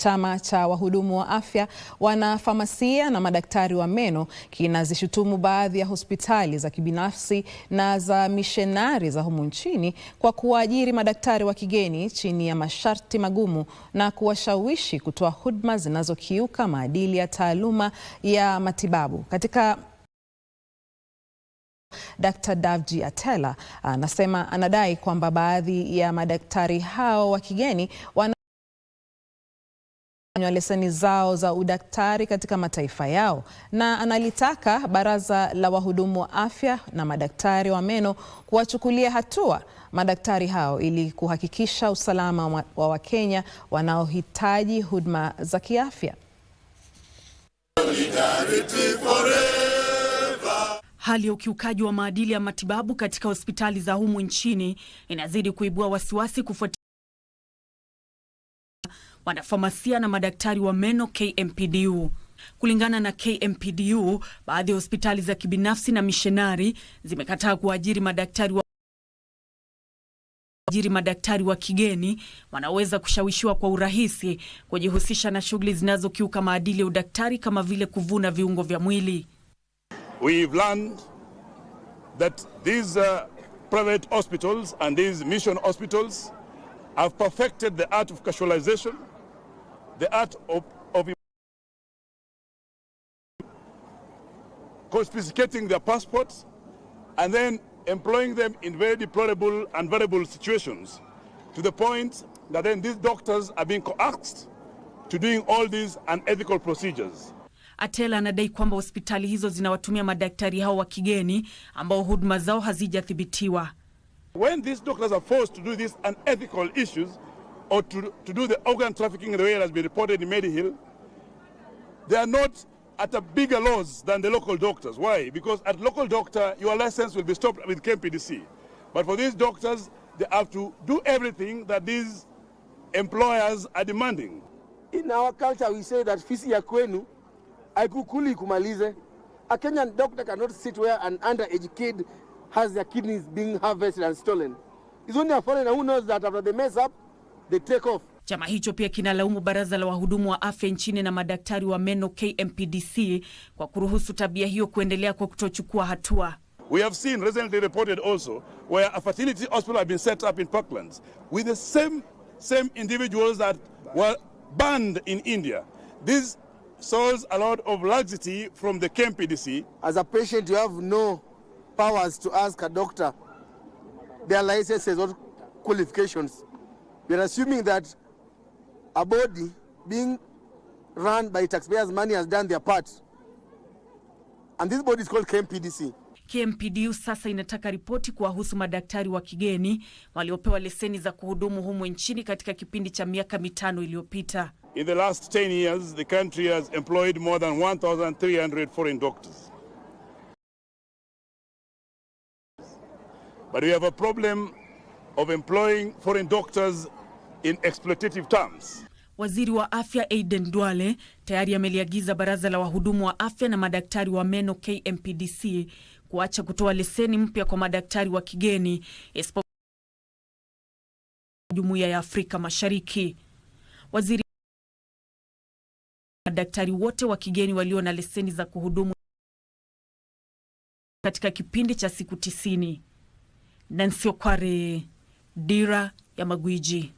Chama cha wahudumu wa afya, wanafamasia na madaktari wa meno kinazishutumu baadhi ya hospitali za kibinafsi na za mishenari za humu nchini kwa kuwaajiri madaktari wa kigeni chini ya masharti magumu na kuwashawishi kutoa huduma zinazokiuka maadili ya taaluma ya matibabu. Katika d Davji Atela anasema anadai kwamba baadhi ya madaktari hao wa kigeni wana fanywa leseni zao za udaktari katika mataifa yao na analitaka baraza la wahudumu wa afya na madaktari wa meno kuwachukulia hatua madaktari hao ili kuhakikisha usalama wa Wakenya wanaohitaji huduma za kiafya. Hali ya ukiukaji wa maadili ya matibabu katika hospitali za humu nchini inazidi kuibua wasiwasi kufuatia wanafamasia na madaktari wa meno KMPDU. Kulingana na KMPDU, baadhi ya hospitali za kibinafsi na mishenari zimekataa kuajiri madaktari wa ajiri madaktari wa kigeni wanaweza kushawishiwa kwa urahisi kujihusisha na shughuli zinazokiuka maadili ya udaktari kama vile kuvuna viungo vya mwili. We've learned that these uh, private hospitals and these mission hospitals have perfected the art of casualization the art of, of confiscating their passports and then employing them in very deplorable and variable situations to the point that then these doctors are being coaxed to doing all these unethical procedures. Atela anadai kwamba hospitali hizo zinawatumia madaktari hao wa kigeni ambao huduma zao hazijathibitiwa. When these doctors are forced to do these unethical issues or to, to do the organ trafficking in the way it has been reported in Medihill, they are not at a bigger loss than the local doctors. Why? Because at local doctor, your license will be stopped with KMPDC. But for these doctors, they have to do everything that these employers are demanding. In our culture, we say that fisi ya kwenu haikukuli ikumalize. A Kenyan doctor cannot sit where an underage kid has their kidneys being harvested and stolen. It's only a foreigner who knows that after they mess up, they take off. Chama hicho pia kinalaumu baraza la wahudumu wa afya nchini na madaktari wa meno KMPDC kwa kuruhusu tabia hiyo kuendelea kwa kutochukua hatua. We have seen recently reported also where a fertility hospital has been set up in Parklands with the same same individuals that were banned in India. This shows a lot of laxity from the KMPDC. As a patient you have no powers to ask a doctor their licenses or qualifications. We are assuming that a body being run by taxpayers' money has done their part. And this body is called KMPDC. KMPDU sasa inataka ripoti kuwahusu madaktari wa kigeni waliopewa leseni za kuhudumu humu nchini katika kipindi cha miaka mitano iliyopita. In the last 10 years, the country has employed more than 1,300 foreign doctors. But we have a problem of employing foreign doctors in exploitative terms. Waziri wa afya Aiden Dwale tayari ameliagiza baraza la wahudumu wa afya na madaktari wa meno KMPDC kuacha kutoa leseni mpya kwa madaktari wa kigeni jumuiya ya Afrika Mashariki. Waziri madaktari wote wa kigeni walio na leseni za kuhudumu katika kipindi cha siku tisini. Nancy Okware, Dira ya Magwiji.